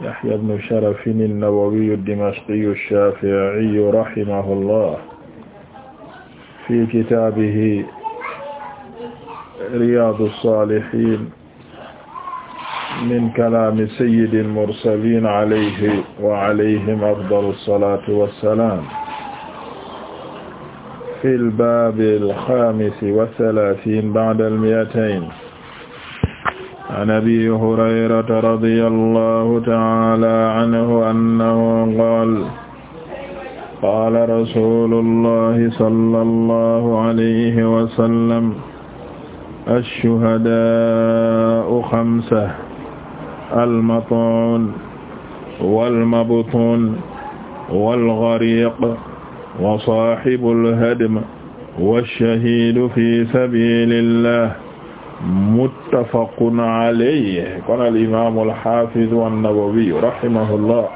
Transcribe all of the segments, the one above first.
Yahya ibn Sharaf an-Nawawi ad-Dimashqi ash-Shafi'i rahimahullah fi kitaabihi Riyaadu s-Saalihiin min kalaami sayyidil mursaliin alayhi wa alayhim afdalu s-salaatu wa s-salaam fil baabil xaamisi wa salaasiin ba'dal mi'atayn an abi hurayrata radiyallahu ta'ala anhu annahu qaala qaala rasuulullahi sallallahu alayhi wa sallam ash-shuhadaa'u xamsa al-mat'uun wal-mabtuun wal-ghariiq wa saahibul hadm wash-shahiidu fi sabiilillah muttafaqun alayhi kon al imaamu al xaafizu an-Nawawi rahimahullah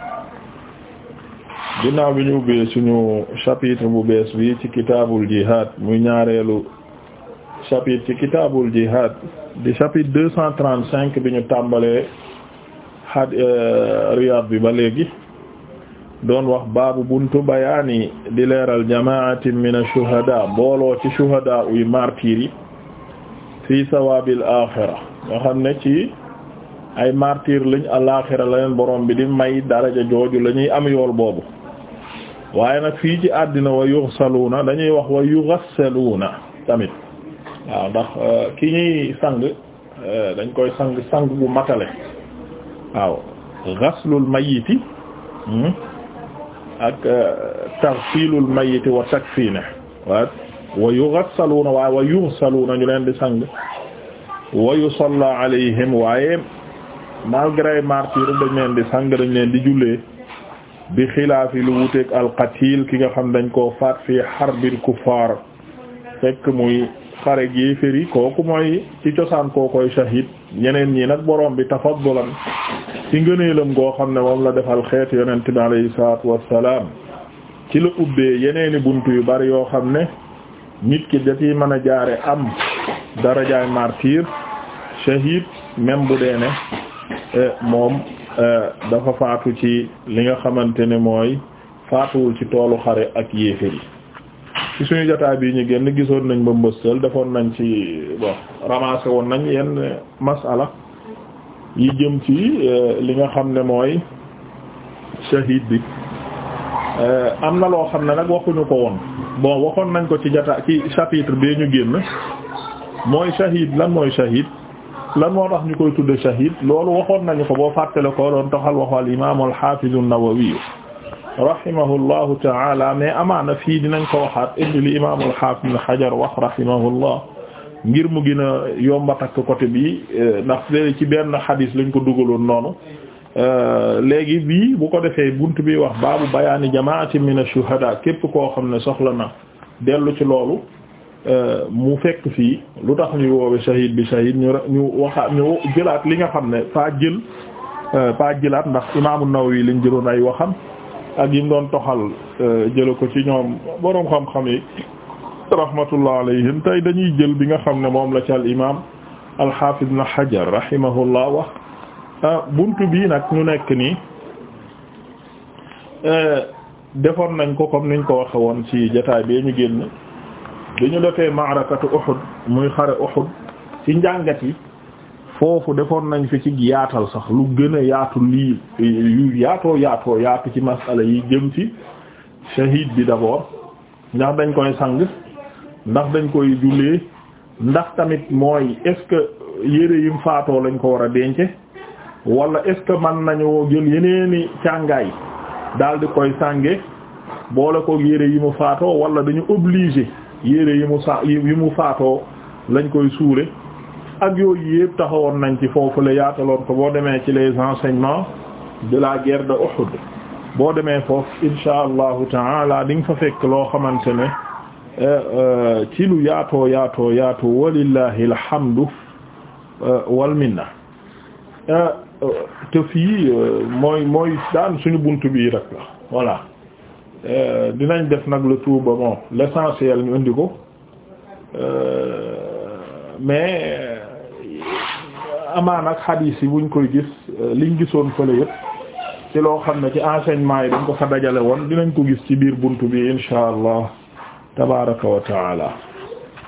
bi ñu ubbee suñu chapitre bu bees bi ci kitaabul jihaad muy ñaareelu chapitre ci kitaabul jihaad di chapitre deux cent bi ñu tàmbalee had euh, Riyad bi ba léegi doon wax baabu buntu bayaani di leeral jamaatin min ash-shuhadaa booloo ci shuhadaa uy martyr yi fi sawaabil aaxira nga xam ne ci ay martyr lañ alaaxira la leen borom bi di may daraja jooju la ñuy am yool boobu waaye nag fii ci àddina wa yughsaluuna dañuy wax wa yughsaluuna tamit waaw ndax euh, ki ñuy sang euh, dañ koy sang sang bu matale waaw ghaslul mayyiti hmm, ak euh, tarsiilul mayyiti wa takfiine waaye wa yughassaluuna waaye wa yughsaluuna ñu leen di sang wa yusalla alayhim waaye malgré martyr dañ leen di sang dañ leen di jullee bi xilaafi lu wuteeg alqatil ki nga xam dañ koo faat fii xarbil kuffar fekk muy xare gi firi kooku mooy ci cosaan koo koy shahid ñeneen ñi nag borom bi tafaddulan ci ngëneelam goo xam ne moom la defal xeet yonent bi alayhi salaatu wassalaam ci la ubbee yeneeni buntu yu bari yoo xam ne nit ki da mën a jaare am darajaay martyr shahid même bu dee ne e, moom e, dafa faatu ci li nga xamante ne mooy faatuwul ci toolu xare ak yéefér yi ci suñu jotaay bii ñu génn gisoon nañ ba mbëstal defoon nañ ci bon ramassé woon nañ yenn masala yi jëm ci e, li nga xam ne mooy shahid bi Euh, am na loo xam ne nag waxuñu ko woon bon waxoon nañ ko ci jata ci chapitre bi ñu génn mooy shahid lan mooy shahid lan moo tax ñu koy tudde shahid loolu waxoon nañu ko boo fàttale ko doon taxal waxu al imam al hafiz an-Nawawi rahimahullahu taala mais amaana fii dinañ ko waxaat indi li imam al hafiz ibn xajar wax rahimahullah ngir mu gën a yomba takk côté bi euh, ndax léegi ci benn xadis lañ ko dugaloon noonu Euh, léegi bii bu ko defee bunt bi wax baabu bayaani jamaati min ash-shuhada képp koo xam ne soxla na dellu ci loolu euh, mu fekk fii lu tax ñuy woowe shahid bi shahid ñu ñu waxa ñu jëlaat li nga xam ne faa jël euh, faa jëlaat ndax imaamu Nawawi lañ jëloon ay waxam ak yim doon toxal jële ko ci ñoom boroom xam-xam yi rahmatullah alayhim tey dañuy jël bi nga xam ne moom la ci al imaam al-Hafiz Ibn Hajar rahimahullah wax Ah, bunt bii nag ñu nekk nii eh, defoon nañ ko comme niñ ko waxe woon ci jotaay bee ñu génn bi ñu defee maarakatu Uhud muy xare Uhud ci njàngat yi foofu defoon nañ fi ci yaatal sax lu gën yaatu lii yu yaatoo yaatoo yaatu ci masala yi jëm ci shahid bi d'abord ndax dañ koy sang ndax dañ koy jullee ndax tamit mooy est-ce que yére yim faatoo lañ ko war a dence wala est-ce que mën nañoo jël yeneeni càngaay daal di koy sànge boole ko yére yi mu faatoo wala dañu obligé yére yi mu sa yi mu faatoo lañ koy suure ak yooyu yëpp taxawoon nañ ci foofu la ko boo demee ci les enseignements de la guerre de boo demee foofu insha allahu taala di nga fa fekk loo xamante ne eh, eh, ci lu yaatoo yaatoo yaatoo walillahi alhamdu eh, wal minna te fii euh, mooy mooy daan suñu bunt bii rek la voilà euh, dinañ def nag le tout ba bon ñu indi ko euh, mais amaan ak xadiis yi buñ koy gis liñ gisoon fële yëpp ci loo xam ne ci enseignement yi dañ ko fa dajale woon dinañ ko gis ci biir buntu bi insha allah tabaraka wa taala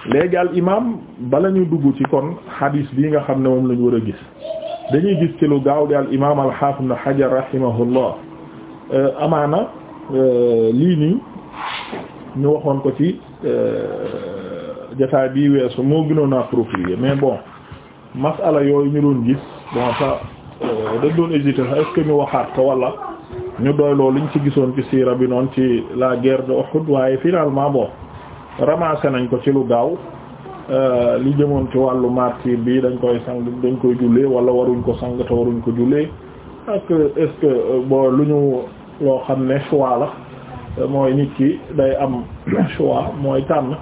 léegi al imam bala ñu dugg ci kon xadiis bii nga xam ne moom lañ war a gis dañuy gis ci lu gaaw di al imaam al haafiz ibn hajar rahimahullah euh, amaana euh, lii nii ñu waxoon ko ci euh, jotaay bii weesu moo gënoon a approprié mais bon masala yooyu ñu doon gis bon sa dañ doon hésiter sax est-ce ñu waxaat ko wala ñu doy loolu liñ ci gisoon ci siira bi noonu ci la guerre de Uhud waaye finalement bon ramassé nañ ko ci lu gaaw Euh, li jëmoon ci wàllu martyr bi dañ koy sang dañ koy jullee wala waruñ ko sang te waruñ ko jullee ak est-ce euh, lu ñu loo xam ne choix la euh, mooy nit ki day am choix mooy tànn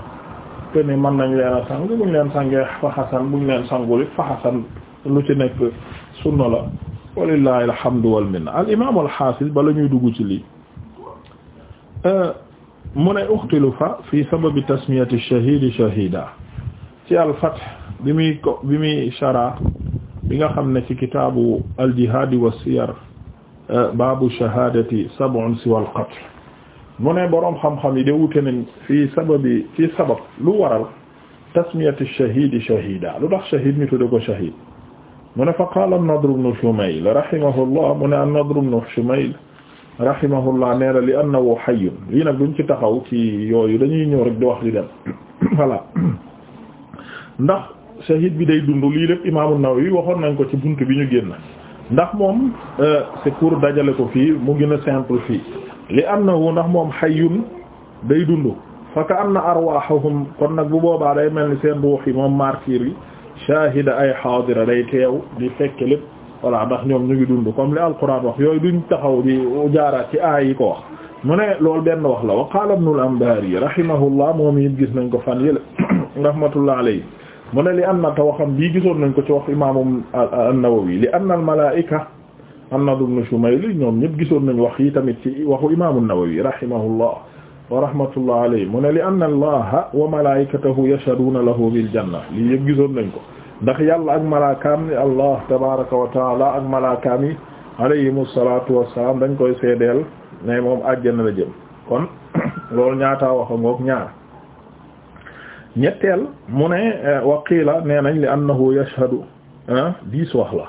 te ni mën nañ leen a sang buñ leen sangee fa xasan buñ leen sangul fa xasan lu ci nekk sunna la walillahi alhamdu wal minna al imam al hafiz ba la ñuy dugg ci lii mu ne uxtilu fa fi sababi tasmiyati shahidi shahida ci al-Fath bi muy ko bi muy shara bi nga xam ne ci kitaabu al-jihaad wa siyar eh, baabu shahaadati sab'un siwa al-qatl mu ne boroom xam-xam yi de wute nañ fii sababi fii sabab lu waral tasmiyatu shahiidi shahiida lu tax shahiid ñu tudde ko shahiid mu ne fa qaala an-Nadr ibn Shumayl rahimahullah mu ne an-Nadr ibn Shumayl rahimahullah nee na li annahu hayyun lii nag duñ ci taxaw ci yooyu dañuy ñëw rek di wax li dem voilà ndax shahid bi day dund lii lépp imaamu Nawawi waxoon nañ ko ci buntu bi ñu génn ndax moom euh, c'est pour dajale ko fii mu gën a simple fii li annahu ndax moom hayyun day dund fa ka anna arwaahahum kon nag bu boobaa day mel ni seen ruux yi moom martyr yi shahida ay haadira day teew di fekk lépp voilà ndax ñoom ñu ngi dund comme li alquran wax yooyu duñ taxaw di jaaraat ci aay yi ko wax mu ne lool benn wax la wa qaala ibnul Anbaari rahimahullah moom it gis nañ ko fan yële rahmatullah alayhi mu ne li anna te waxam bii gisoon nañ ko ci wax imaamu an-Nawawi li anna al-malaa'ika Anad ibn Shumayl ñoom ñëpp gisoon nañ wax yi tamit ci waxu imaamu an-Nawawi rahimahullah wa rahmatullah alayhi mu ne li anna allaha wa malaa'ikatahu yashhaduuna lahu bil janna lii yëpp gisoon nañ ko ndax yàlla ak malaakaam ni allah tabaaraka wa taala ak malaakaam yi alayhimu salaatu wassalaam dañ koy seedeel ne moom àjjana la jëm kon loolu ñaataa wax a ngoog ñaar ñetteel mu ne euh, waqila nee nañ li annahu yashhadu dix wax la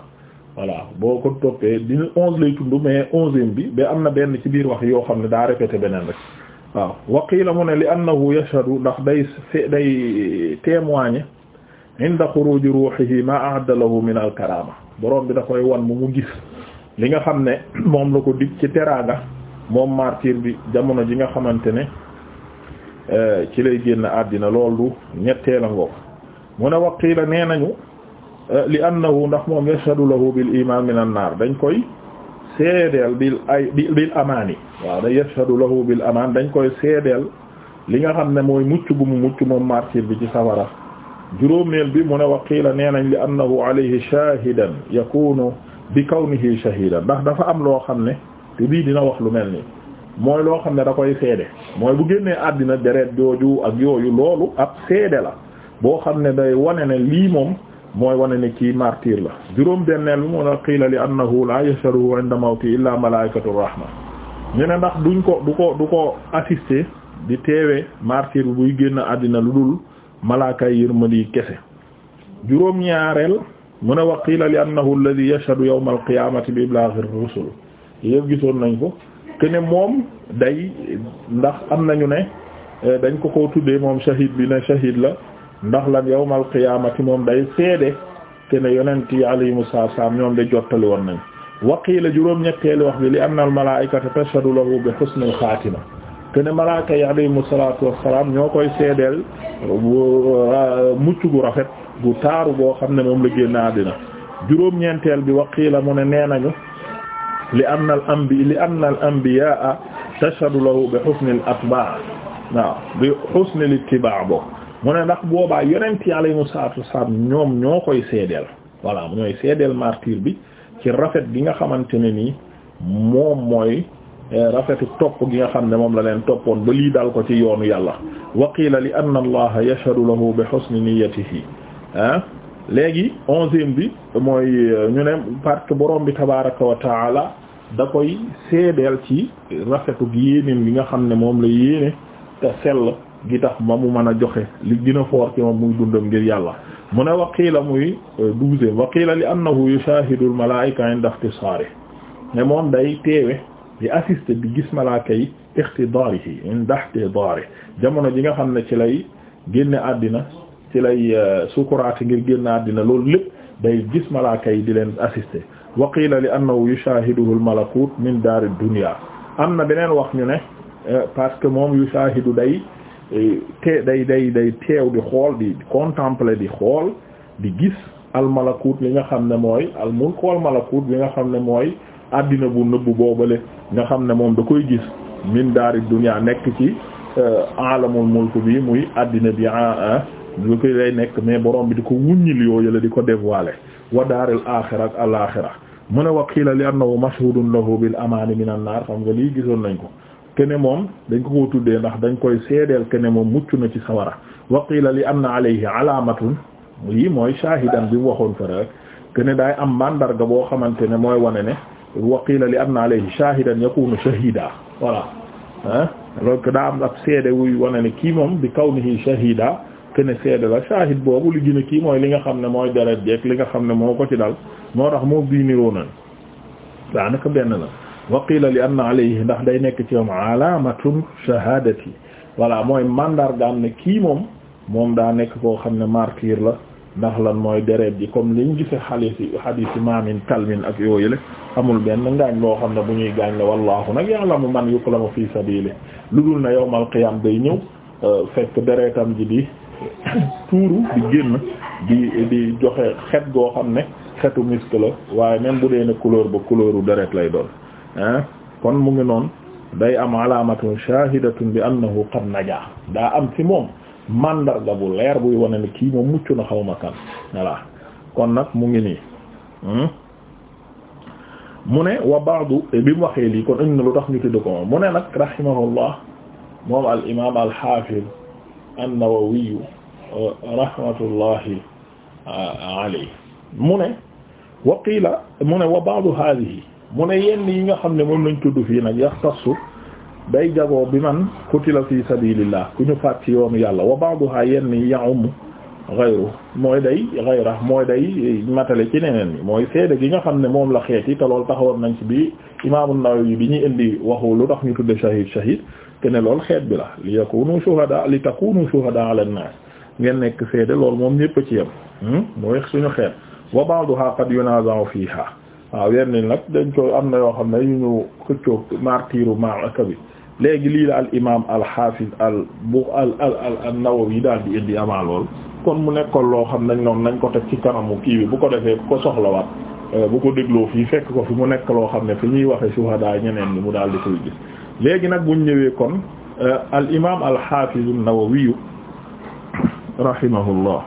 voilà boo ko toppee dina onze lay tudd mais onzième bi ba am na benn ci biir wax yoo xam ne daa répété beneen rek waaw waqila mu ne li annahu yashhadu ndax day f day témoigner inda xuruji ruuxihi ma a'adda lahu min al karama borom bi da koy wan mu mu gis li nga xam ne moom la ko dig ci teraanga moom martyr bi jamono ji nga xamante ne Eh, ci lay génn àddina loolu ñetteela ngoog mu ne waqiila nee nañu eh, li annahu ndax moom yashhadu lahu bil iman min an naar dañ koy seedeel bil ay bil amaani waaw da yashhadu lahu bil amaan dañ koy seedel li nga xam ne mooy mucc bu mu mucc moom martyr bi ci safara juróomeel bi mu waqiila nee nañ li annahu alayhi shahidan yakunu bi kawnihi shahidan ndax dafa am loo xam ne te dina wax lu mel ni mooy loo xam ne da koy seede mooy bu génnee àddina deret jooju ak yooyu loolu ab seede la boo xam ne day wane ne lii moom mooy wane ne kii martir la juróom benneel bi mun a qiila li annahu la yashhaduhu inda mawti illa malaikatu rahma ñu ne ndax duñ ko du ko du ko assister di teewee martyr buy génn àddina lu dul malaakay yërmandi kese juróom ñaareel mu ne wa qiila li annahu alladhi yashhadu yawm al qiyamati bi iblaaghir rusul yëpp gisoon nañ ko que ne moom day ndax am nañu ne eh, dañ ko ko tuddee moom shahid bi ne shahid la ndax lan yawmal qiyaamati moom day seede que ne yonent yi alayhimu salaam ñoom de jottali woon nañ waqiila juróom-ñetteelu wax bi li anna al malaa'ikata tashhadu lahu bi husnil xaatima que ne malaaka yi alayhimu salaatu wassalaam ñoo koy seedeel eh, mucc gu rafet bu taaru boo xam ne moom la génn àddina juróom-ñeenteel bi waqiila mu ne nee nañu. li anna al anbi li anna al anbiyaa tashhadu lahu bi husni al atbaa waaw bi husni al ittibaa boo mu ne ndax boobaa yonent yi alayhimu salaatu wassalaam ñoom ñoo koy seedeel voilà ñooy seedeel martyr bi ci rafet gi nga xamante ne nii moom mooy eh, rafetu topp gi nga xam ne moom la leen toppoon ba lii dal ko ci yoonu yàlla wa qiila li anna allaha yashhadu lahu bi husni niyyatihi ah léegi onzième bi mooy euh, ñu ne parce borom bi tabaraka wa taala da koy seedeel ci rafetu gi yéenéem gi nga xam ne moom la yéene te sell gi tax ma mu mën a joxe li gën a foor ci moom muy dundam ngir yàlla mu ne waqiila muy euh, douzième waqiila li annahu yushaahidu al malaa'ika inda ikhtisaari ne moom day teewe di assiste di gis malaaka yi ikhtidaarihi inda ikhtidaari jamono ji nga xam ne ci lay génne àddina ci lay euh, sukuraati ngir génn àddina loolu lépp day gis malaaka yi di leen assister wa qila li yu yushahiduhu al malakut min dar ad dunya am na beneen wax ñu ne euh, parce que moom yu day euh, te day day day teew di xool di contempler di xool di gis al malakut li nga xam ne mooy al mulk wal malakut li nga xam ne mooy àddina bu nëbbu boobale nga xam ne moom da koy gis min daari dunya nekk ci alamul mulk bi muy àddina bi ah, ah, lu koy lay nekk mais borom bi di ko wuññil yooyu la di ko dévoiler wa daaril aaxira ak alaaxira mu ne wa qiila li annahu mashhudun lahu bil amaani minan naar xam nga lii gisoon nañ ko kene moom dañ ko ko tuddee ndax dañ koy seedeel kene moom mucc na ci sawara wa qiila li anna alayhi alaamatun lii mooy shaahidan bi mu waxoon fële rek kene daay am mandarga boo xamante ne mooy wane ne wa qiila li anna alayhi shaahidan yakunu shahida voilà ah loolu daa am ab seede wuy wane ne kii moom bi kawnihi shahida que seede la shahid boobu li gën kii mooy li nga xam ne mooy deret jeeg li nga xam ne moo ko ci dal moo tax moo bii niroo nañ daanaka benn la waqila li anna alayhi ndax day nekk ci moom alamatum shahadati voilà mooy mandargaam ne kii moom moom daa nekk koo xam ne martyr la ndax lan mooy deret ji comme liñ gise xalis yi hadis yi maamin kalmin ak yooyu yooyule amul benn ngaañ loo xam ne bu ñuy gaañ la wallahu nag ya'lamu man yuklamu fi sabili lu dul na yawmal qiyam day ñëw tuuru di génn di di joxe xet goo xam ne xetu misk la waaye même bu dee na couleur ba couleuru deret lay doon ah kon mu ngi noonu day am alaamatun shahidatun bi annahu qad naja daa am ci moom mandarga bu leer buy wane ne kii moom mucc na xaw ma kan voilà kon nag mu ngi nii hmm? mu ne wa ba'du eh, bi mu waxee lii kon indi na lu tax ñu tudd ko moom mu ne nag rahimahullah moom al imaam al hafiz an-Nawawi rahmatullahi alayhi mu ne wa qiila mu ne wa ba'du haadihi mu ne yenn yi nga xam ne moom lañ tudd fii nag yaxtassu day jagoo bi man qutila fi sabilillah ku ñu faat ci yoonu yàlla wa ba'duha yenn yi ya'um ghayru mooy day ghayra mooy day matale ci neneen ñi mooy seede gi nga xam ne moom la xeet te loolu taxawoon nañ ci bi imaamu Nawawi bi ñuy indi waxu lu tax ñu tudd shahid shahid que lool xeet bi la li yakunu shuhada li takunu shuhada ala nas ngeen nekk seede loolu moom ñëpp a ci yem hmm? mooy suñu xeet wa ba'daha qad yunazaa'u fiha waaw yenn ni nag dañ ko am na yoo xam ne yu ñu xëccoo martiru maaka bi léegi lii la al imam al hafiz al bu al al al nawawi daal di indi amaa lool kon mu nekkoon loo xam nañ noonu nañ ko teg ci kanamu kii bi bu ko defee ko soxlawaat eh, bu ko dégloo fii fekk ko fi mu nekk loo xam ne fi ñuy waxe shuhada ñeneen ñi mu daal di koy léegi nag buñ ñëwee kon euh, al imaam al xaafiz an-Nawawi rahimahullah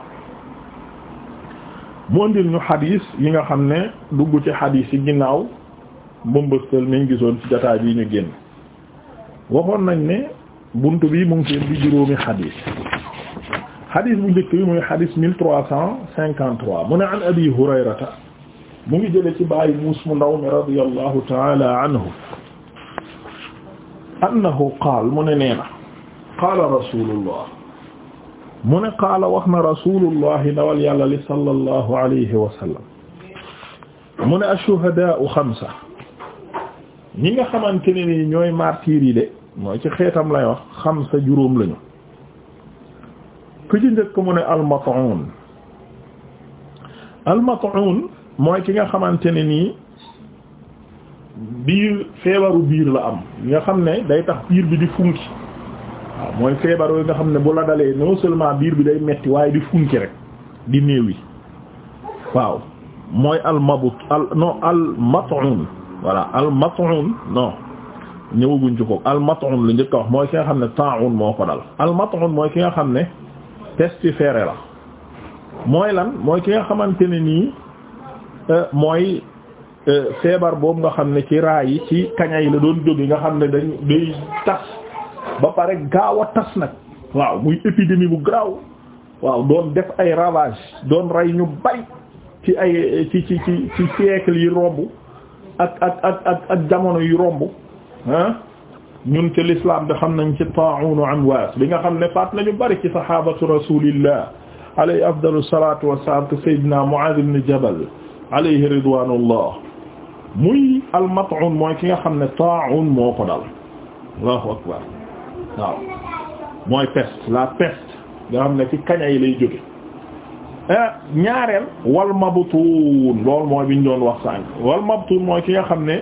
mu andil ñu xadis yi nga xam ne dugg ci xadis yi ginnaaw mbëmbëstal mi ngi gisoon ci jotaay bi ñu génn waxoon nañ ne bunt bi mu ngi seen di juróomi xadis xadis bu njëkk bi muy xadis mille trois cent mu ne abi hurayrata mu ngi jële ci bàyyi muus mu ndaw mi radiyallahu taala anhu annahu qaal mu ne nee na qaala rasulullah mu ne qaala wax na rasulullah ndawal yàlla li sallallahu alayhi wa sallam mu ne ash-shuhadaa'u xamsa ñi nga xamante ne ni ñooy martyrs yi de mooy ci xeetam lay wax xamsa juróom lañu ku ci njëkk mu ne al-mat'uun al-mat'uun mooy ki nga xamante ne nii biir feebaru biir la am nga xam ne day tax biir bi di funki waaw mooy feebar yooyu nga xam ne bu la dalee non seulement biir bi day metti waaye di funki rek di néew yi waaw mooy al mabut al non al mat'un voilà al ñëwaguñ ci ko al mat'un lu njëkk wax mooy ki nga xam ne ta'un moo ko dal al mooy ki nga xam ne testiféré la mooy lan mooy ki nga xamante ne nii euh, mooy Euh, feebar boobu nga xam ne ci raa yi ci kaña yi la doon jóge nga xam ne dañ day tas ba pare gaaw a tas nag waaw muy épidémie bu garaaw waaw doon def ay ravage doon rey ñu bari ci ay ci ci ci ci siècle yi romb ak ak ak ak ak jamono yi romb ah ñun ci l'islam bi xam nañ ci ta'un Anwaas bi nga xam ne faat nañu bari ci sahabatu rasulillah alayhi afdalu salatu wassalam te sayyidina Mu'adh ibn Jabal alayhi ridwanullah muy almat'un mooy ki nga xam ne ta'un moo ko dal allahu akbar waaw mooy peste la peste nga xam ne ci kaña yi lay jóge eh, ñaareel wal mabtuun loolu mooy bi ñu doon wax sànq wal mabtuun mooy ki nga xam ne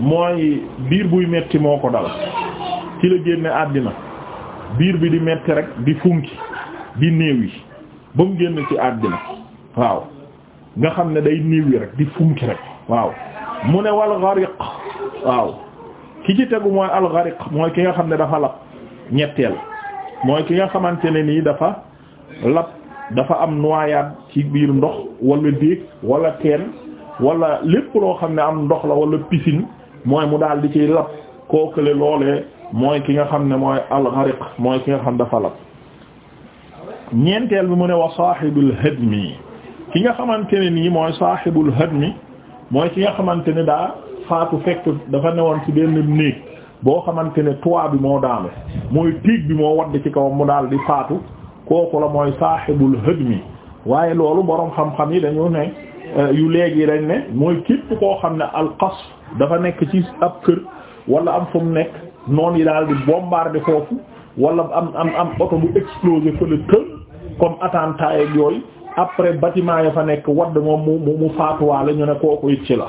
mooy biir buy metti moo ko dal ci la génne àddina biir bi di metti rek di funki di néew yi ba mu génn ci àddina waaw nga xam ne day niiw yi rek di funki rek waaw mu ne wal gariq waaw ki ci tegu mooy al gariq mooy ki nga xam ne dafa lab ñetteel mooy ki nga xamante ne nii dafa lab dafa am noyade ci biir ndox wala déeg wala teen walla lépp loo xam ne am ndox la wala piscine mooy mu daal di ciy lab kookale loolee mooy ki nga xam ne mooy al gariq mooy ki nga xam dafa lab ñeenteel bi mu ne wa sahibul hadmi ki nga xamante ne nii mooy saahibul hadmi mooy ki nga xamante ne daa faatu fekk dafa newoon ci benn néeg boo xamante ne toit bi moo daanu mooy tiig bi moo wadd ci kawam mu daal di faatu kooku la mooy saahibul mi waaye loolu boroom xam-xam yi dañu ne eh, yu léegi dañ ne mooy képp koo xam ne alqasf dafa nekk ci ab kër wala am fu mu nekk noon yi daal di bombarder foofu wala am am am oto bu explosé fële tël comme attentat ak yooyu après batiment ya fa nekk wadd moom mu mu faatuwaale ñu ne kooku it ci la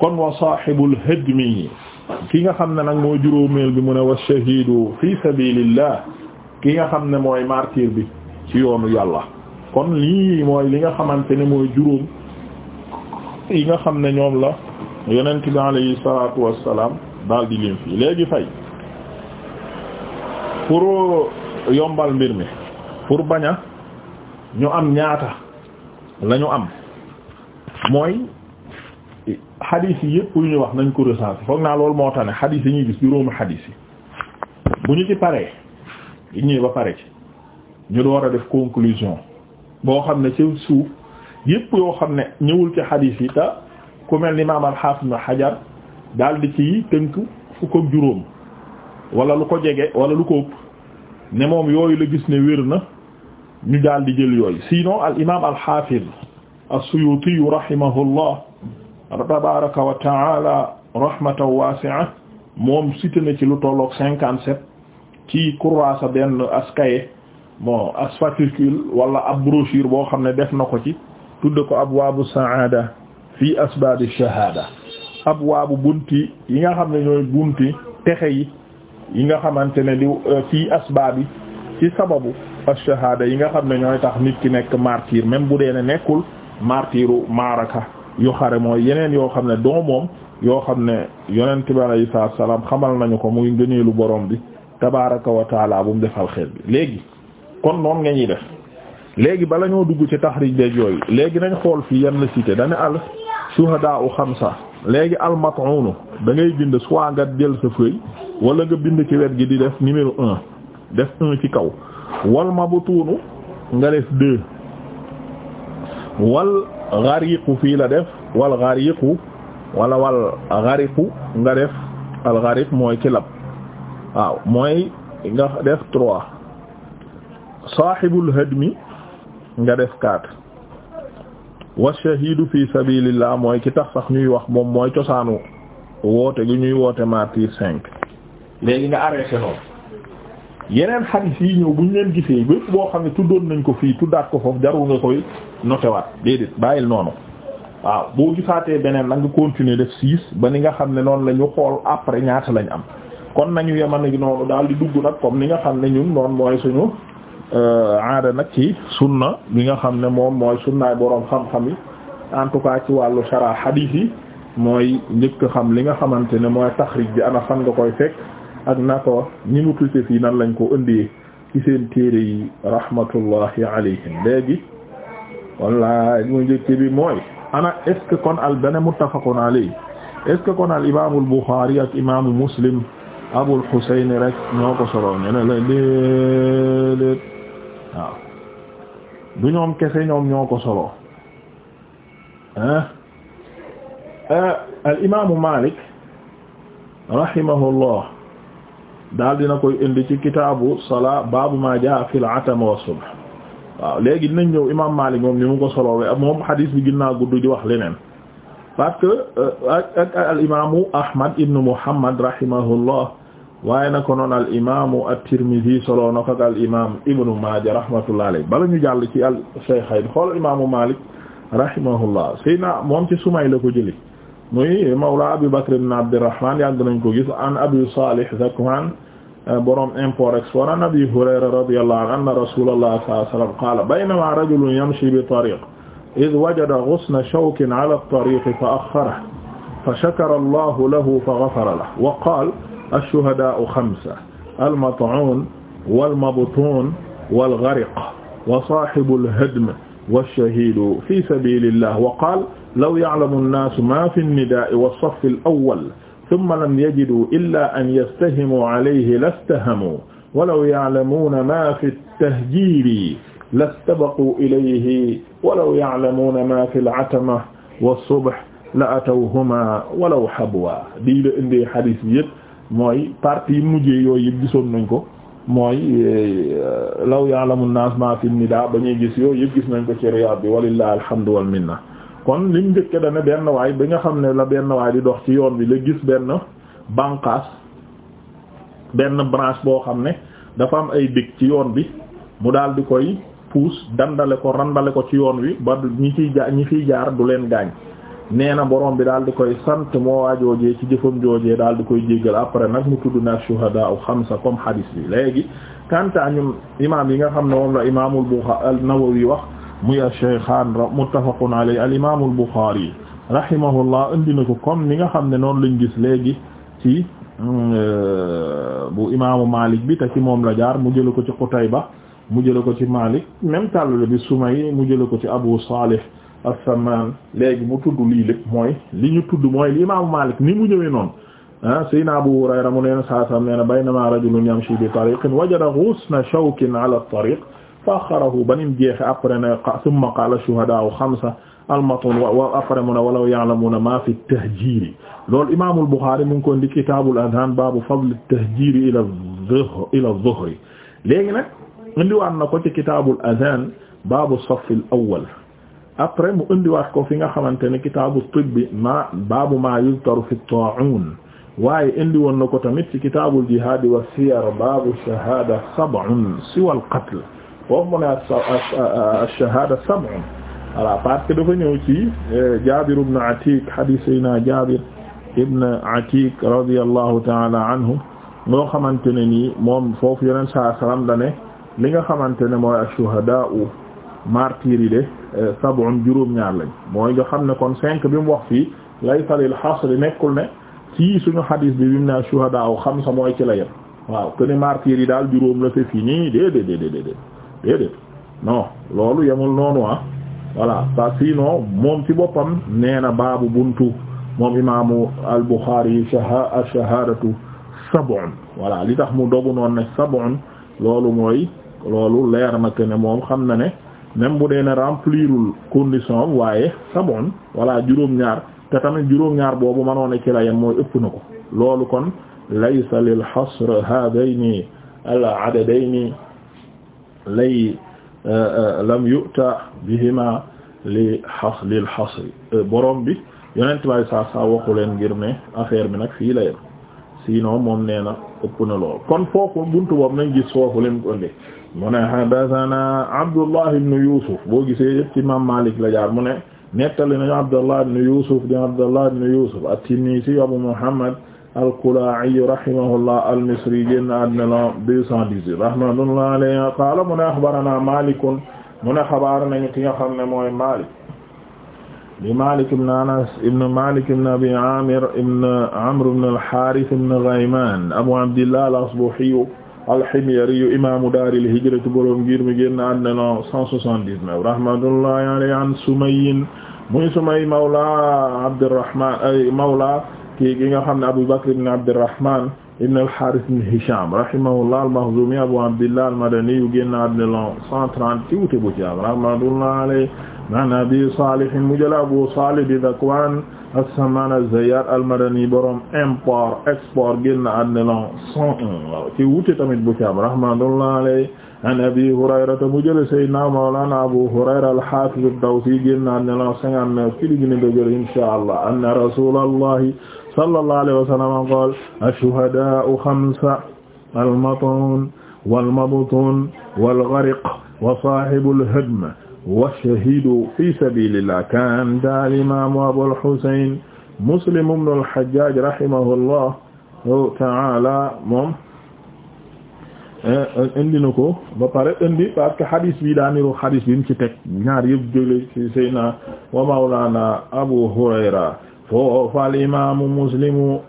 kon wa sahibul hadmi ki nga xam ne nag moo juróomeel bi mu ne wa shahidu fi sabilillah ki nga xam ne mooy martyr bi ci yoonu yàlla kon lii mooy li nga xamante ne mooy juróom yi nga xam ne ñoom la yonent bi alayhi salatu wassalam daal di fii léegi fay pour yombal mbir mi pour baña ñu am ñaata lañu am mooy xadis yi yëpp yu ñu wax nañ ko recensé foog naa loolu moo tax ne xadis yi ñuy gis juróomi xadis yi bu ñu ci paree yi ba pare ci ñu door a def conclusion boo xam ne ci suuf yépp yoo xam ne ñëwul ci xadis yi te ku mel ni imaam al-Hafiz Ibn Hajar daal ci tënk fukk ak juróom walla lu ko jege wala lu ko ëpp ne moom yooyu la gis ne wér na ñu daal di jël yooyu sinon al imaam al xaafid as-Suyuti rahimahullah tabaraka wa taala rahmatan moom cité na ci lu tolloog cinquante sept ci kurasa benn askaye bon as fascicule wala ab brochure boo xam ne def na ko ci tudde ko abwaabu saada fi asbaabi shahaada abwaabu bunti yi nga xam ne ñooy bunti texe yi yi nga xamante ne di euh, fii asbaabi ci sababu ash-shahada yi nga xam ne ñooy tax nit ki nekk martyr même bu dee ne nekkul martiru maaraka yu xare mooy yeneen yoo xam ne doo moom yoo xam ne yonent bi alayhi salaatu salaam xamal nañu ko muy ngëneelu borom bi tabaaraka wa taala bu mu defal xel bi léegi kon noonu nga ñuy def léegi bala ñoo dugg ci taxrij de yooyu léegi nañ xool fii yan na cité dañu al shuhadaa u sax léegi al mat'un da ngay bind soit nga jël sa feuille wala nga bind ci wet gi di def numéro un def un ci kaw wal ma mabtuunu nga def deux wal gariqu fii la def wal gariqu wala wal gariqu nga def al gariq mooy ki lab waaw mooy nga def trois sahibul hadmi nga def quatre wa shahidu fi sabilillah mooy ki tax sax ñuy wax moom mooy cosaanu woote gi ñuy woote martyr cinq léegi nga arrêté noonu yeneen xadis yi ñëw buñ leen gisee bépp boo xam ne tuddoon nañ ko fii tuddaat ko foofu jarul nga koy notewaat déedéet bàyyil noonu waaw boo gisaatee beneen nag nga continuer def six ba ni nga xam ne noonu la ñu xool après ñaata lañ am kon nañu yeman gi noonu daal di dugg nag comme ni nga xam ne ñun noonu mooy suñu euh, aada nag ci sunna bi nga xam ne moom mooy sunnaay boroom xam-xam yi en tout cas ci wàllu shara xadis yi mooy njëkk xam li nga xamante ne mooy taxrij bi ana fan nga koy fekk ak naka ñi mu tuddee fii nan lañ ko ëndee ci seen téere yi rahmatullahi alayhim léegi walla mu njëkk bi mooy ana est-ce kon al benn muttafaqun alayhi est-ce que kon al imaamul Bukhari ak imaamu Muslim Abul Husayn rek ñoo ko solo ñu ne du ñoom kese ñoom ñoo ko solo ah al imaamu Malik rahimahullah daal dina koy indi ci kitaabu salaa baabu ma jaa fil atama wa subh waaw léegi dinañ ñëw imaam Maalik moom ni mu ko solowee moom xadiis bi gën naa gudd di wax leneen parce que euh, ak ak al imaamu Ahmad ibn Muhammad rahimahullah waaye na ko noon al imaamu at-Tirmidhi solo na ko ak al imaam Ibnu Maaja rahmatullah alayhi bala ñu jàll ci al Shaykhayn xool imaamu Maalik rahimahullah Seydina moom ci Sumay la ko jëli muy mawla Abi Bakr ibn Abdurrahman yàgg nañ ko gis an Abi Salih Zakwan borom import export an abi hurayra radiyallahu anhu anna rasulullah sallallahu alayhi wa sallam qala baynama rajulun yamshi bi tariq id wajada ghusna shawkin ala at-tariq fa akhkharahu fa shakara allahu lahu fa ghafara lahu wa qala ash-shuhada'u khamsa al-mat'un wal-mabtun wal-ghariq wa sahibu al-hadm wash-shahidu fi sabilillah wa qala law ya'lamu an-nasu ma fi an-nida'i was-saff al-awwal tumma lam yajidu illa an yastahimu alayhi lastahamu walaw ya'lamuuna maa fi tahjiiri lastabaqu ilayhi walaw ya'lamuuna maa fi al-atama was-subh la atawhuma walaw habwa di la indee xadis bi yëpp mooy partie yi mujjee yooyu yëpp gisoon nañ ko mooy eh, law ya'lamu an-naas maa fi an-nidaa ba ñuy gis yooyu yëpp gis nañ ko ci Riyaad bi walillahi alhamdu wal minna kon lim njëkke dana benn waay bi nga xam ne la benn waay di dox ci yoon bi la gis benn bànqaas benn branche boo xam ne dafa am ay dëkk ci yoon bi mu daal di koy puus dandale ko randale ko ci yoon wi ba ñi ciy jaar ñi fiy jaar du leen gaañ nee na borom bi daal di koy sant moo waa joojee ci jëfam joojee daal di koy jéggal après nag mu tudd na shuhada u xamsa comme hadis bi léegi kanta ñun yi nga xam ne moom la imamul Bukhari an-Nawawi wax muy ash-shaykhaan muttafaqun alayhi al-imaam al-Buxaari rahimahullah indi na ko comme ni nga xam ne noonu lañ gis léegi ci euh, bu imaamu Maalik bi te ci moom la jaar mu jële ko ci Qutayba mu jële ko ci Maalik même tàllale bi Sumay mu jële ko ci Abu Saalih as-Sammaan léegi mu tudd lii lépp mooy li ñu tudd mooy li imaamu Maalik ni mu ñëwee noonu ah Seydina Abu Hurayra mu neena saa sam neena baynamaa rajulun yamshi bi tariqin wajada ghusna shawkin ala at-tariq faxarahu ba nim jeexe après na summa qala shuhadaa'u xamsa almatun wa après mu ne walaw ya'lamuna ma fi tahjiri loolu imaamul Buxaari mu ngi ko ndi kitaabul adhan baabu fadl tahjiri ila dhuhr ila dhuhri léegi nag indiwaat na ko ci kitaabul adhan baabu saffil awwal après mu indiwaat ko fi nga xamante ne kitaabu tibbi ma baabu ma yuzkaru fi ta'un waaye indi woon na ko tamit ci kitaabul jihaad wa siyar baabu shahaada sab'un siwal qatl foofu mu ne ash-shahaada sab'un voilà parce que dafa ñëw ci euh, Jaabir ibn Atiik hadiis Seydina Jaabir ibn Atiik radiyallahu ta'ala anhu loo xamante ne nii moom foofu yeneen saa salaam da ne li nga xamante ne mooy ash-shuhadaa'u martyrs yi de euh, sab'un juróom-ñaar lañ mooy nga xam ne kon cinq bi mu wax fii laysa lil hasri nekkul ne ci suñu hadiis bi bi mu ne ash-shuhadaa'u xamsa mooy ci la yem waaw que ne daal juróom la te fii nii déedéedéedéedéet déedéet loolu yemul noonu ah voilà parce que moom ci boppam nee na baabu buntu moom imaamu al-Bukhari shaha shahadatu sab'un voilà li tax mu dogu noonu ne sab'un loolu mooy loolu leer na que ne moom xam na ne même bu dee ne remplirul condition waaye sab'un voilà juróom-ñaar te tamit juróom-ñaar boobu mënoon na ci la yem mooy ëpp na ko loolu kon laysa lil hasr hadayni al adadayni lay euh, euh, lam yu'ta bihima li xas lil xasri euh, borom bi yonent bay saa saa waxu leen ngir ne affaire bi nag fii la yem sinon moom nee na na lool kon fook buntu boobu nañ gis foofu leen ko ëndee mu ne hadathana abdullah ibn yusuf boo gisee yëpp ci imam malik la jaar mu ne nettali nañu abdullah nu yusuf di abdullah ibn yusuf at-tinnisi abu muhammad al-Kalaa'i rahimahullah al-Misri génn àddina la 218 rahmatullahi alayhi qaala mu ne axbaranaa Maalik mu ne xabaar nañu ki nga xam ne mooy Maalik di Maalik ibn Anas ibn Maalik ibn Abi Aamir ibn Amr ibn al-Haarith ibn Ghaymaan Abu Abdillah al-Asbahi al-Himyari imaamu daar al-hijra boroom ngir mi génn àddina la 179 rahmatullahi alayhi an Sumayy muy Sumayy mawla Abdurrahmaan mawla kii gi nga xam ne Abu Bakr ibn Abdurrahman ibn al-Harith ibn Hisham rahimahullah al-Makhzumi Abu Abdillah al-Madani yu génn àddina l'an 130 ci wute bu ci am rahmatullah alayhi an Abi Salih mu jël Abu Salih di Dhakwan as-Samman az-Zayyat al-Madani borom import export génn àddina l'an 101 ci wute tamit bu ci am rahmatullah alayhi an Abi Hurayrata mu jël Sayyidina Mawlana Abu Hurayra al-Hafiz ad-Dawsi génn àddina l'an 59 ci li gën a dëgër inshallah anna Rasulullah sallallahu alayhi wa sallam qaala ash-shuhadaa'u xamsa al-mat'uun wal-mabtuun wal-ghariq wa saahibul hadm wash-shahiidu fii sabiilillah kaana al-imaamu abul husayn muslim ibnul hajjaaj rahimahullah ta'aala moom eh, indi na ko ba pare indi parce que hadis bi daa niru hadis bi mu ci teg ñaar yëpp jóge ci Seydina wa Mawlaana Abu Hurayra foofa al imaamu muslimu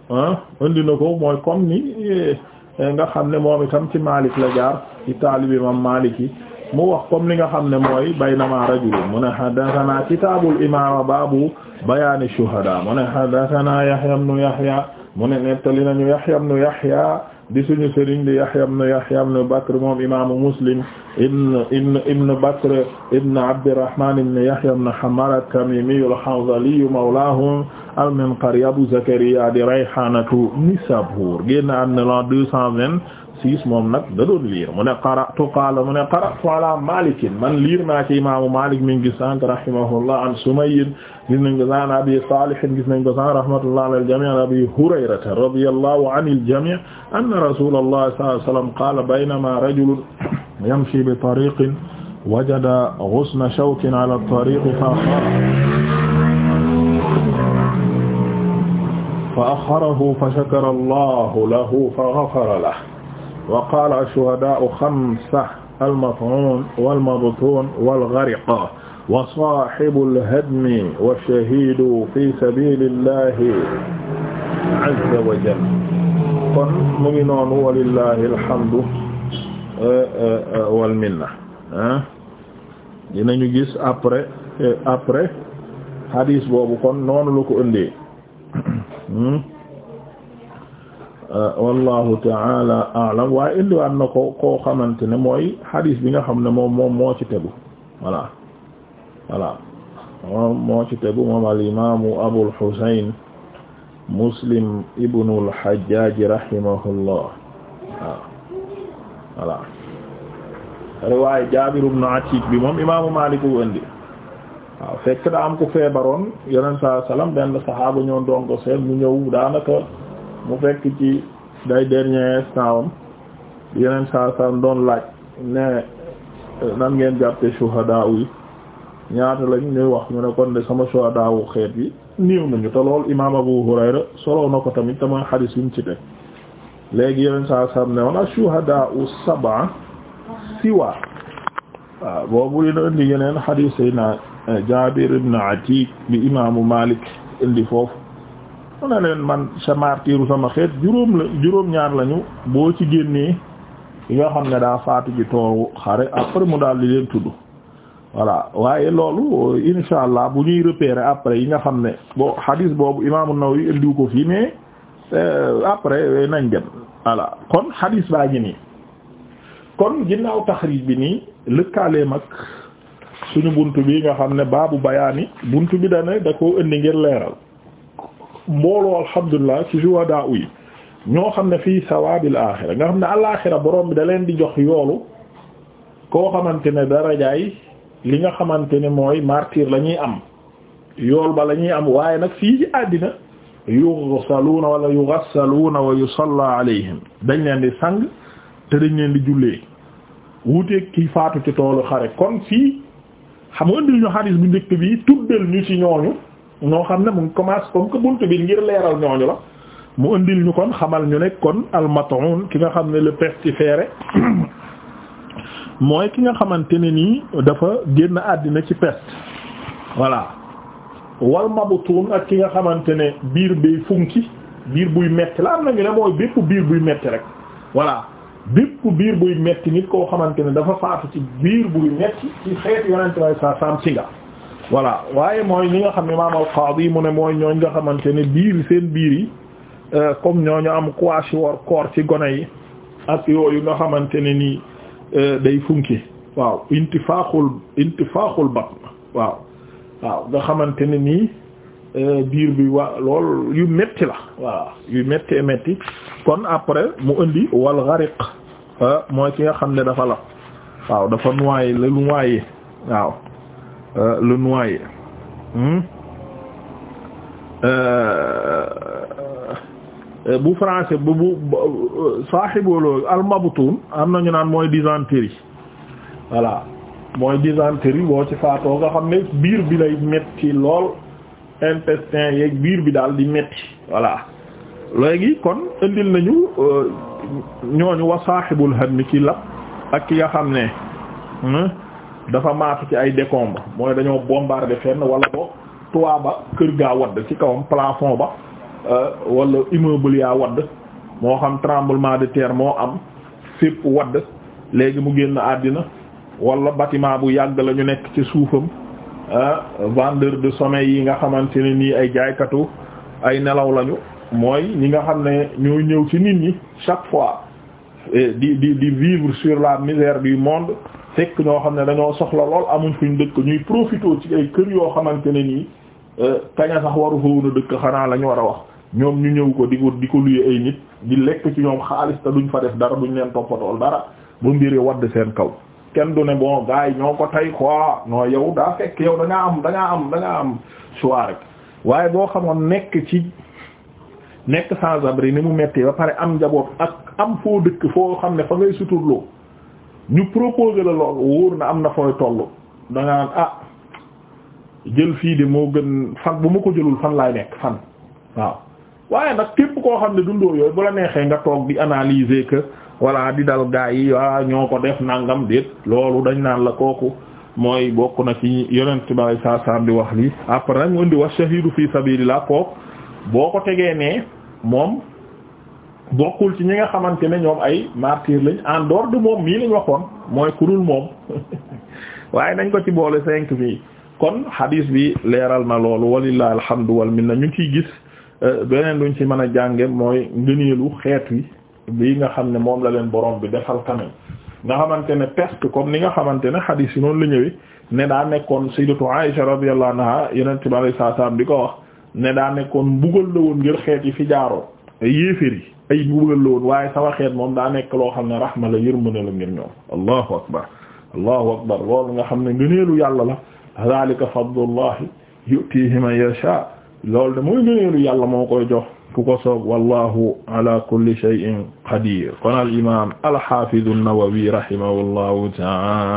indi ah, na ko mooy comme ni eh, nga xam ne moom itam ci Malik la jaar ci taalibi imam Malik yi mu wax comme li nga xam ne mooy baynama rajulu mu ne haddathana kitaabul imaama baabu bayaani shuhadaa mu ne haddathana Yahya ibnu Yahya mu ne nettali nañu Yahya ibnu Yahya di suñu sëriñ di Yahya ibn Yahya ibn Bakr moom imaamu Muslim ibn ibn ibn Bakr ibn Abdirrahman ibn Yahya ibn Hammar at-Tamimi al-Hanzali mawlaahum al-Minqari Abu Zakariya di Rayhanatu Nisabur génn am na l'an deux cent vingt-six moom nag da doon liir mu ne qara'tu qaala mu ne qara'tu ala Maalik man liir naa ci imaamu Maalik mi ngi sànq rahimahullah an Sumayyin gis nañ ko an abi salih gis nañ ko san rahmatullah ala aljami an abi hurayrata radiyallahu an aljami anna rasulullah sallallahu alayhi wa sallam qala baynama rajulun yamshi bi tariqin wajada ghusna shawkin ala at-tariq fa akharahu fa shakara allahu lahu fa ghafara lahu wa qala ash-shuhada'u khamsa al-mat'un wal mabtun wal ghariq wa saahibul hadmi wa shahiidu fi sabiilillaahi azza wa jalla kon mu ngi noonu walillahi alhamdu eh, eh, eh, wal minna dinañu gis après après hadis boobu kon noonu la ko ëndee hmm? wallahu taala aalam waaye indiwaat na ko koo xamante ne mooy hadis bi nga xam ne moom moom moo ci tegu voilà voilà moom moo ci tegu moom al imaamu Abul Husayn Muslim ibnul Hajjaj rahimahullah waaw voilà riwaaya Jaabir ibn bi moom imaamu Maalik wu fekk daa am ku feebaroon yeneen saa salaam benn saxaaba doon ko mu ñëw daanaka mu fekk ci day dernier instant am yeneen saa doon laaj ne nan ngeen jàppe ñaata lañ ñuy wax ñu ne kon de sama shuhadaa'u xeet bi néew nañu te lool imaam Abu Hurayra ko tamit te mooy xadiis yuñ ci teg léegi yeneen saa saam ne woon ash-shuhadaa'u sab'a siwa waaw boobu dina indi yeneen xadiis yi eh, Jaabir ibn Atiik bi imaamu Maalik indi foofu mu ne leen man sa martiru sama xeet juróom la juróom ñaar lañu boo ci génnee yoo xam ne daa faatu ji tooru xare après mu daal di leen tudd voilà waaye loolu insha allah bu ñuy repérer après yi nga xam ne bon hadith boobu imaam an-Nawawi indiw ko fii mais euh, après euh, nañ dem voilà kon hadith baa ngi nii kon ginnaaw taxrij bi nii lëkkaale mag suñu bunt bi nga xam ne baabu bayaani bunt bi dane da ko indi ngir leeral mbooloo alhamdulilah ci juhada yi ñoo xam ne fii sawaabil aaxira nga xam ne alaaxira boroom bi da leen di jox yoolu koo xamante ne darajaay li nga xamante ne mooy martyr la ñuy am yool ba la ñuy am waaye nag fii ci àddina yughsaluuna wala yughassaluuna wa yu yusalla alayhim dañ leen di sang te dañ leen di jullee wuuteeg ki faatu ci toolu xare kon fii xam nga indil ñu xadis bu njëkk bi tuddal ñu ci ñooñu ñoo xam ne mu ngi commence comme que buntu bi ngir leeral ñooñu la mu indil ñu kon xamal ñu ne kon al mat'un ki nga xam ne le pestiféré mooy ki nga xamante ne nii dafa génn àddina ci peste voilà wal mabutun ak ki nga xamante ne biir bay funki biir buy metti la am na ñu ne mooy bépp biir buy metti rek voilà bépp biir buy metti nit koo xamante ne dafa faatu ci biir buy metti ci xeet yonente way sa sam ci waaye mooy ñi nga xam ne imaam al-Qaadi mu ne mooy ñooñ nga xamante ne biir seen biir yi euh, comme ñooñu am quashi wor koor ci gone yi ak yooyu nga xamante nii Euh, day funki waaw intifaaxul intifaaxul batn waaw waaw nga xamante ne nii euh, biir bi waa lool yu metti la waaw yu metti metti kon après mu indi wal gariq euh, mooy ki nga xam ne dafa la waaw dafa noyé le noyé waaw le noyé hmm? Euh, bu français bu bu euh, saaxibooloo almabutun am nañu naan mooy dysenterie voilà mooy dysenterie boo ci faatoo nga xam ne biir bi lay metti lool intestin yeeg biir bi daal di metti voilà léegi kon indil nañu euh, ñooñu wa saaxibul hammi ci lab ak ki nga xam ne dafa maatu ci ay décombres mooy dañoo bombarder fen wala bo toit ba kër gaa wadd ci kawam plafond ba Euh, wala immeuble yaa wadd moo xam tremblement de terre moo am fépp wadd léegi mu génn àddina wala batiment bu yàgg la ñu nekk ci suufam euh, vendeur de sommeil yi nga xamante ne nii ay jaaykatu ay nelaw lañu mooy ñi nga xam ne ñooy ñëw ci nit ñi chaque fois di di di vivre sur la misère du monde fekk ñoo xam ne dañoo soxla lool amuñ fuñ dëkk ñuy profité ci ay kër yoo xamante ne nii euh, kaña sax waru fa woon a dëkk xanaa la ñu war a wax ñoom ñu ñëw ko di ko di ko luye ay nit di lekk ci ñoom xaalis te duñ fa def dara duñ leen toppatool dara ba mbiri wadd seen kaw kenn du ne bon gars yi ñoo ko tey quoi noo yow daa fekk yow da ngaa am da am da am choix rek waaye boo xamoon nekk ci nekk sans abri mu metti ba pare am njaboot ak am foo dëkk foo xam ne fa ngay suturloo ñu proposé la lool wóor na am na fooy toll da nga ah jël fii de moo gën fan bu ma ko jëlul fan laay nekk fan waaw waaye nag képp koo xam ne dundoo yooyu bu la neexee nga toog di analyser que voilà di dal gaa yi waa ñoo ko def nangam déet loolu dañ naan la kooku mooy bokk na ci yonent balay saa saam di wax lii après nag mu indi wax shahidu fi sabilillah kook boo ko tegee ne moom bokkul ci ñi nga xamante ne ñoom ay martyr lañ en dehors moom mii lañ waxoon mooy kurul moom waaye dañ ko ci boole cinq bi kon hadis bi leeral na loolu walillahi alhamdu wal minna ñu ngi ciy gis Euh, beneen duñ ci mën a jànge mooy ngëneelu xeet wi lii nga xam ne moom la leen borom bi defal tamit nga xamante ne peste comme ni nga xamante ne xadiis yi noonu la ñëwee ne daa nekkoon sayyidatu Aisha radiyallahu anha yenent bi alei saa salaam di ko wax ne daa nekkoon mbugal la woon ngir xeet yi fi jaaroo yéeféer yi ay mbugal la woon waaye sama xeet moom daa nekk loo xam ne rahma la yërmande la ngir ñoom allahu akbar allahu akbar loolu nga xam ne ngëneelu yàlla la zalika fadlullahi yu'tihi loolu de mooy ngëneelu yàlla moo koy jox ku ko soob wallahu ala kulli shay'in qadir kon al imam al hafiz an-Nawawi rahimahullahu ta'ala